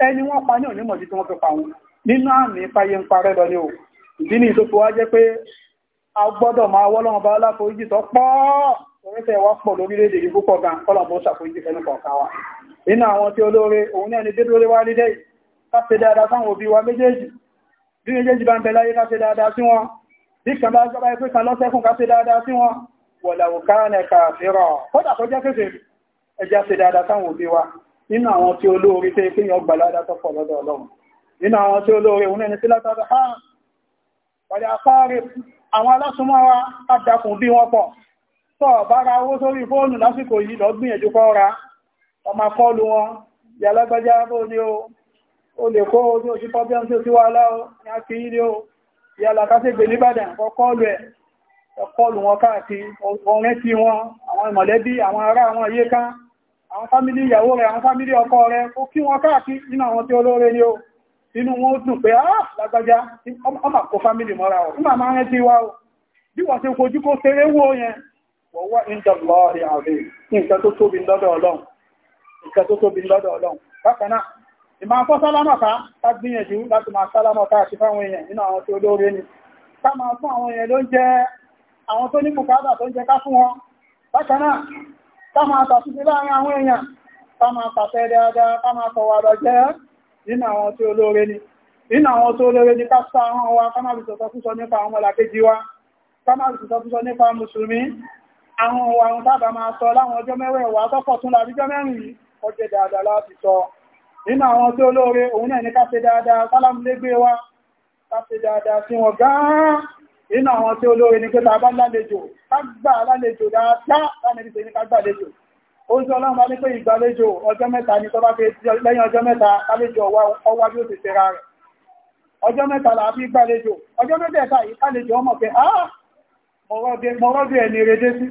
ẹni wọ́n pa náà ní mọ̀dí tó ń fi pa wọn nínú àmì fáyé ń parẹ́ lọ ni ò ìdí ni tó fi wá jẹ́ a gbọ́dọ̀ máa wọ́lọ́wọ́ bá aláforíjì tó pọ̀ oríṣẹ́ wa pọ̀ lórílẹ̀-èdè yìí púpọ̀ gan kọ́lọ̀bọ̀ ṣàforíjì fẹ́nu kọ̀ọ̀kan wa nínú àwọn tí olóore òun náà ni dédé orí wá lílẹ̀ ká ṣe dáadáa sáwọn òbí wa méjèèjì bí méjèèjì bá ń bẹ láyé ká ṣe dáadáa sí wọn bí kan bá gbọ́bá ẹgbẹ́ kan lọ́sẹ́kùn ká ṣe dáadáa sí wọn wọ̀làwò káàlẹ̀ kàfíràn kódà tó jẹ́ kéfèé ẹjá ṣe dáadáa sáwọn òbí wa nínú àwọn tí olóore tẹ́ pé yọ gbàládá tó pọ̀ lọ́dọ̀ ọlọ́run nínú àwọn tí olóore òun náà ni sílátàdà ha pẹ̀lú àfáàrí àwọn alásùnmọ́ wa á dákùn bí wọ́n pọ̀ tọ́ bára owó sórí fóònù lásìkò yìí lọ gbìyànjú kọ́ ra ọmọ akọlù wọn yàlágbájá bó ní o o lè kó o ní oṣù pọ́bíọ́n tí o ti wá aláwọ̀ ní a fi yí ní o yàlá kásẹ̀gbè nìbàdàn kọkọlù ẹ̀ ọkọlù wọn káàkiri ọ̀rẹ́ tí wọn àwọn ìmọ̀lẹ́bí àwọn ará àwọn ayé kan àwọn fámílì ìyàwó rẹ̀ àwọn fámílì ọkọ rẹ̀ ó kí wọn káàkiri nínú àwọn tí o inú wọn ó dùn pé ah lágbájá ọmọ kó fámílì mọ́ra ọ̀ nígbà máa ń rẹ́ tí wá o bí wọ́n ti fojú kó ṣeré yẹn wọ́wọ́ ìdọ̀lọ́rì àwẹ̀ nǹkan tó tóbi lọ́dọ̀ ọlọ́run bákanáà ìmá fọ́ sálámọ̀ká tá gbìyànjú láti máa sálámọ̀ká àti fáwọn èèyàn nínú àwọn tí olóore ni ká máa fún àwọn èèyàn ló ń jẹ àwọn tó ní bùkátà tó ń jẹ ká fún wọn bákanáà ká máa tàṣíṣe láàrin àwọn èèyàn ká máa pàṣẹ dáadáa ká máa tọwà lọ jẹ nínú àwọn tí olóore ni nínú àwọn tó olóore ni ká sá àwọn wa ká má fi sọ̀tọ̀ fúnṣọ nípa àwọn ọmọlàkejì wa ká má fi sọ̀tọ̀ fúnṣọ nípa mùsùlùmí àwọn ọwọ́ àwọn tábà máa sọ láwọn ọjọ́ mẹ́wẹ̀ẹ̀wà tọ́pọ̀ tún lábíjọ́ mẹ́rin yìí ọjẹ́ dáadáa láti sọ nínú àwọn tí ó lóore òun náà ní ká ṣe dáadáa sálámúlégbé wa ká ṣe dáadáa sí wọn gan-an nínú àwọn tí ó lóore ní pé ta bá lálejò ká gbà lálejò dáadáa láti ní ká gbàlejò ó sọ ọlọ́run bá ní pé ìgbàlejò ọjọ́ mẹ́ta ni tó bá fi lẹ́yìn ọjọ́ mẹ́ta lálejò ọwá bí ó ti ṣe ra rẹ̀ ọjọ́ mẹ́ta là á fi gbàlejò ọjọ́ mẹ́tẹ̀ẹ̀ta yìí kálejò ọmọ pé ah mọ̀rọ́dẹ̀ ẹni sí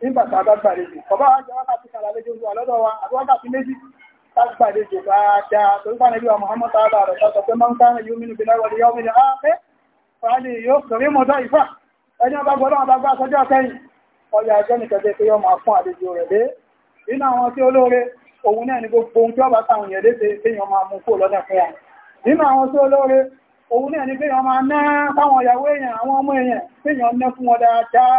nígbà tá a bá gbàlejò ọba wa jẹ wákàtí kan lálejò olúwa lọ́dọ̀ wa àbí wákàtí méjì ká gbàlejò dáadáa torí pàdé bí wa Muhammad sábà rẹ̀ sọ́sọ́ pé máa ń sáré yóò mínú bílẹ̀ wọlé yóò mínú ápẹ́ fàálì yóò sọ̀rí mọ́tọ́ ìfà ẹni ọba gbọ́dọ̀ ọba gbá sọ́jọ́ sẹ́yìn ọjà ẹjọ́ nìkan jẹ́ pé yóò máa fún àlejò rẹ̀ dé nínú àwọn tí olóore òun náà ni gbogbo ohun tí ọba táwọn yẹn léṣe kéèyàn máa mú kó lọ́dọ̀ fún wọn nínú àwọn tí olóore òun náà ni kéèyàn máa ná fáwọn ìyàwó èèyàn àwọn ọmọ èèyàn kéèyàn ná fún wọn dáadáa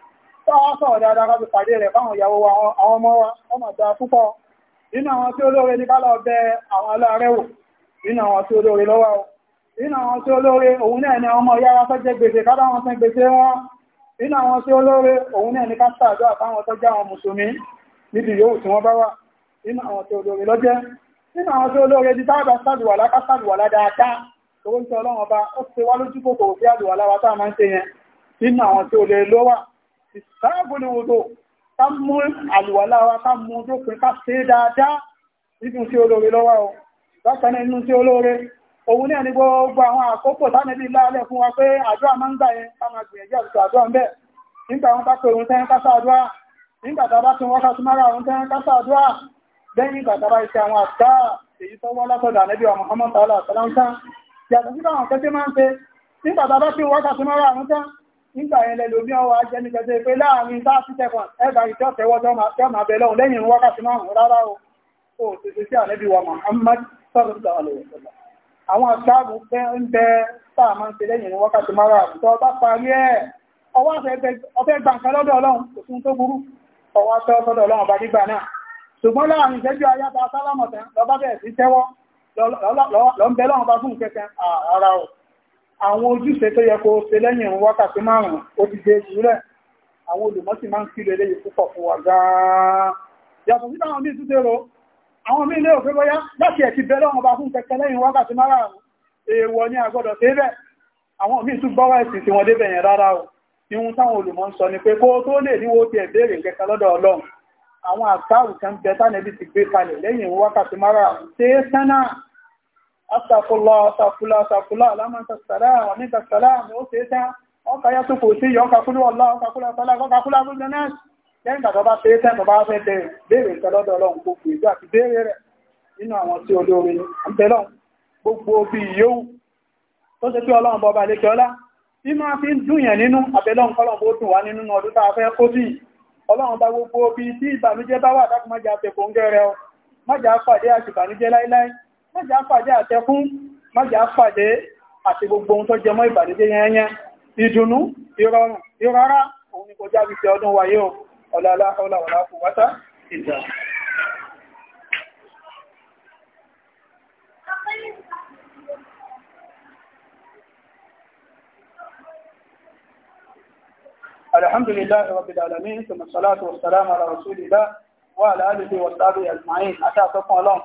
sọ̀rọ̀ dáadáa ká fi pàdé rẹ̀ fáwọn ìyàwó wa àwọn ọmọ wa ọmọ àdá púpọ̀ nínú àwọn tí olóore ní kálọ̀ bẹ àwọn aláàrẹ̀ wò nínú àwọn tí o nínú àwọn tí olóore òun náà ni ọmọ ìyá wa tọ́jẹ́ gbèsè kádà wọn san gbèsè wọn nínú àwọn tí olóore òun náà ni ká sàdọ́ àtàwọn tọ́jẹ́ àwọn mùsùlùmí níbi yòówù tí wọ́n bá wà nínú àwọn tí olóore lọ́jẹ́ nínú àwọn tí olóore di tábà sàdùwàlá ká sàdùwàlá dáadáa torí tí ọlọ́wọ́n bá ó ti wá a máa ń ṣe yẹn ìsáàbòlè odò ká mú àlùwàlá wa ká mú dópin ká ṣe dáadáa nínú tí olóore lọ́wọ́ o bákan nínú tí olóore òun ní ẹni gbogbo àwọn àkókò tánẹ́bí láàlẹ̀ fún wa pé àdúrà máa ń gbà yẹn ká máa gbìyànjú àti àdúrà ń bẹ̀ nígbà wọn bá pé òun tẹ́ ká sáàdúrà nígbà tá bá tún wọ́n ká tún mára òun tẹ́ ká sáàdúrà lẹ́yìn ìgbà tá bá iṣẹ́ àwọn àdá èyí tó wọ́n látọ̀dọ̀ ànẹ́bí wa Muhammad sallallahu alaihi wasallam yàtọ̀ sí báwọn kẹ́kẹ́ máa ń pe nígbà tá bá tún wọ́n ká tún mára òun tẹ́ nígbà yẹn lẹ́lò ní ọwọ́ ajẹ́ ní kẹsẹ̀ pé láàrin sáàsì tẹ́kàn ẹgbà ìjọ tẹ́wọ́ jọmà bẹ̀lọ́ lẹ́yìn wákàtí máa rárá o ó tètè sí àlẹ́bí wa Muhammad sallallahu alaihi wasallam àwọn àṣàbù ń bẹ sáà máa ń ṣe lẹ́yìn wákàtí máa rárá tó bá parí ẹ̀ ọwọ́ ọfẹ́ gbà nǹkan lọ́dọ̀ Ọlọ́run kò fún tó burú ọwọ́ tẹ́ sọ́dọ̀ Ọlọ́run bá nígbà náà ṣùgbọ́n láàrin ìṣẹ́jú ayáta sálámọ̀tẹ́ lọ bá bẹ̀rẹ̀ sí tẹ́wọ́ lọ́n bẹ lọ́run bá fún kẹkẹ àrà ọ̀ àwọn ojúṣe tó yẹ kó ṣe lẹ́yìn wákàtí márùn-ún ó ti dé ìrúlẹ̀ àwọn olùmọ́sí máa ń kí lè léyìn púpọ̀ fún wa gan-an yàtọ̀ sí táwọn míì túnṣe ro àwọn míì lé òfin bóyá láti ni àgbọ̀dọ̀ sí bẹ́ẹ̀ àwọn míì tún bọ́wọ́ ẹ̀sìn tí wọ́n débẹ̀ yẹn rárá o ihun ń bẹ tánẹbí ti gbé kalẹ̀ lẹ́yìn wákàtí márùn-ún tẹ́ẹ́sánà asàkúlọ̀ asàkúlọ̀ asàkúlọ̀ alámọ́sàkúlọ̀ gbogbo bí yóò tó ṣe pé ọlọ́run bọba lè kẹ́ ọlá bí máa fi ń dúnyẹ̀ nínú àbẹ̀lọ́run kọ́lọ̀bọ̀ ó dùn wá nínú ọdún tàà fẹ́ kó sí ọlọ́run bá gbogbo bí tí ìbànújẹ́ bá wà dákùnmọ́jà tẹ̀kùn gẹ́rẹ́ ọ májà pàdé àti ìbànújẹ́ láíláí mọ́jà pàdé àtẹkún mọ́jà pàdé àti gbogbo ohun tó jẹmọ́ ìbàdédé yẹnyẹn ìdùnnú ìrọ̀rùn ìrọ̀rá òun ni kò jábí ti ọdún wáyé o ọ̀làlá ọlàwọ̀lá kò wátá ìjà الحمد لله رب العالمين ثم الصلاة والسلام على رسول الله وعلى آله وصحبه أتى الله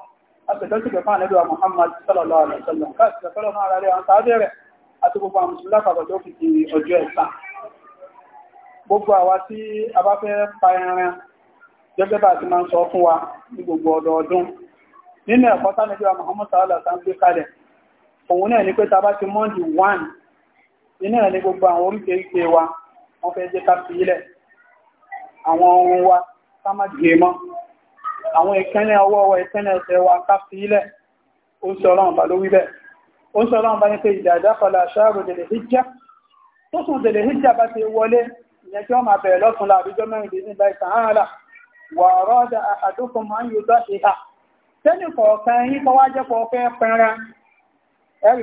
àtẹ̀tẹ́sìkẹ̀ fún àlẹ́bíwà Muhammad sallallahu alaihi wasallam káàkiri fẹ́lọ́ náà rẹ̀ àwọn sáábẹ̀ rẹ̀ àti gbogbo àwọn mùsùlùmí lápapọ̀ tó fi di ọjọ́ ẹ̀sà gbogbo àwa tí a bá fẹ́ pa ẹran gẹ́gẹ́ ti máa ń sọ fún wa ní gbogbo ọdọọdún nínú ẹ̀kọ́ sálẹ́bíwà Muhammad sallallahu alaihi gbé kalẹ̀ òun náà ni pé ta bá ti mọ́ndì 1 nínú ẹ̀ ní gbogbo àwọn oríkèéríkè àwọn ìkẹ́lẹ̀ ọwọ́ ìkẹ́lẹ̀ ẹsẹ̀ wa ká fi ilẹ̀ ó sọ ọlọ́run bá ló wí bẹ́ẹ̀ ó sọ ọlọ́run bá ní pé ìdàdá kọlá aṣáàrò dèlè hijjá tó sùn dèlè hijjá bá ti wọlé ìyẹn tí wọ́n máa bẹ̀rẹ̀ lọ́tún láàbíjọ́ mẹ́rin dé nígbà ìsànhánàlà wà rọ́dà àdókùn máa ń yóò dá ìhà tẹ́nì kọ̀ọ̀kan yín tó wá jẹ́ pọ̀ fẹ́ pẹran ẹ̀rí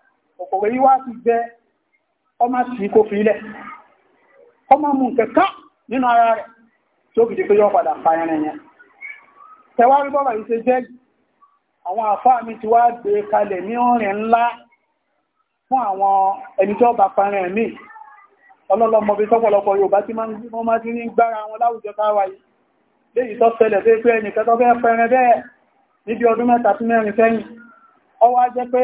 kòkòrò yí wá ti gbẹ ọmọ sí kó fi ilẹ̀ ọmọ mú kẹ̀kọ́ nínú ara rẹ̀ tí ó fìdí pé yọ padà fàyẹrin yẹn tẹwàá rí bọ́bà yìí mi ti wá gbé kalẹ̀ ní ọ̀rìn ńlá fún àwọn ẹni tó bá fàyẹrin mi ọlọ́lọ́mọbi tọ́pọ̀lọpọ̀ Yorùbá tí wọ́n máa ti ní gbára wọn láwùjọ káwà yìí léyìí tó ṣẹlẹ̀ pé pé ẹnìkan tó fẹ́ fẹ́rẹ bẹ́ẹ̀ níbi ọdún mẹ́ta sí mẹ́rin sẹ́yìn ọwọ́ jẹ́ pé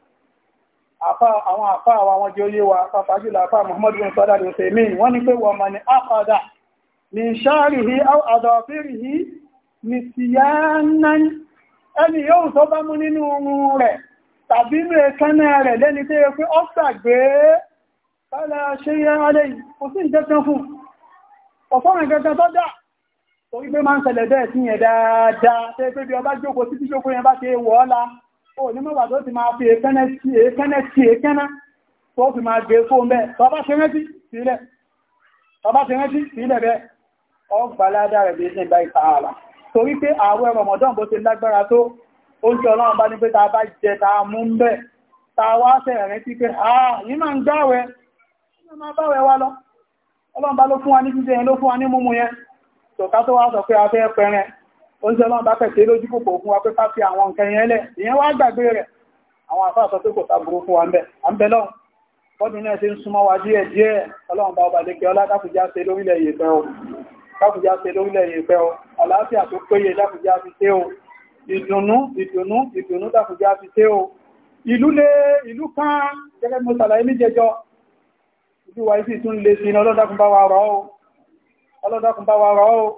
àwọn àfá àwọn àwọn jẹ́ oyé wa pàpàájúlọ àfá Muhammad bin sọ́dá ló ṣe mí wọ́n ní pé wọ́n mọ̀ ní àkọ́dà ní ṣáàrìhí àdọ̀fíìrìhí ní síyánán ẹni yóò tó bá mú nínú oorun rẹ̀ tàbí inú ẹ̀kánná rẹ̀ lẹ́ni tó yẹ pé ó gbàgbé tọ́lá ṣe yẹ́ alẹ́ yìí ó ní mọ́bà tó ti máa fi èékánná sí èékánná tó fi máa gbé fóun bẹ́ẹ̀ tọba ṣe rántí sílẹ̀ bẹ́ẹ̀ ọgbàládà rẹ̀ bí ní báyìí tààlà torí pé ààwẹ̀ Ramadan bó ti lágbára tó oúnjẹ ọlọ́run bá ní pé ta bá jẹ ta mú ń bẹ̀ ta wá sẹ̀rẹ̀ sí pé ààyí máa ń gbáwẹ̀ máa báwẹ̀ wá lọ ọlọ́run bá ló fún wa ní jíjẹ yẹn ló fún wa ní múmu yẹn tòká tó wá sọ pé a pẹ̀rẹ̀ oúnjẹ lọ́n bá pẹ̀sẹ̀ lójú púpọ̀ fún wa pé ká fi àwọn nǹkan yẹn lẹ̀ ìyẹn wá gbàgbé rẹ̀ àwọn àfáà sọ pé kò sáburú fún wa ń bẹ̀ à ń bẹ lọ́hùn bọ́dún náà ṣe ń súnmọ́ wa díẹ̀ díẹ̀ ọlọ́run bá ọba lékè ọlá dákùjá ṣe lórílẹ̀ yìí pẹ́ o dákùjá ṣe lórílẹ̀ yìí pẹ́ o àlàáfíà tó péye dákùjá fi ṣe o ìdùnnú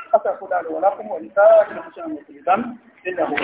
أستغفر الله ولكم ولسائر المسلمين إنه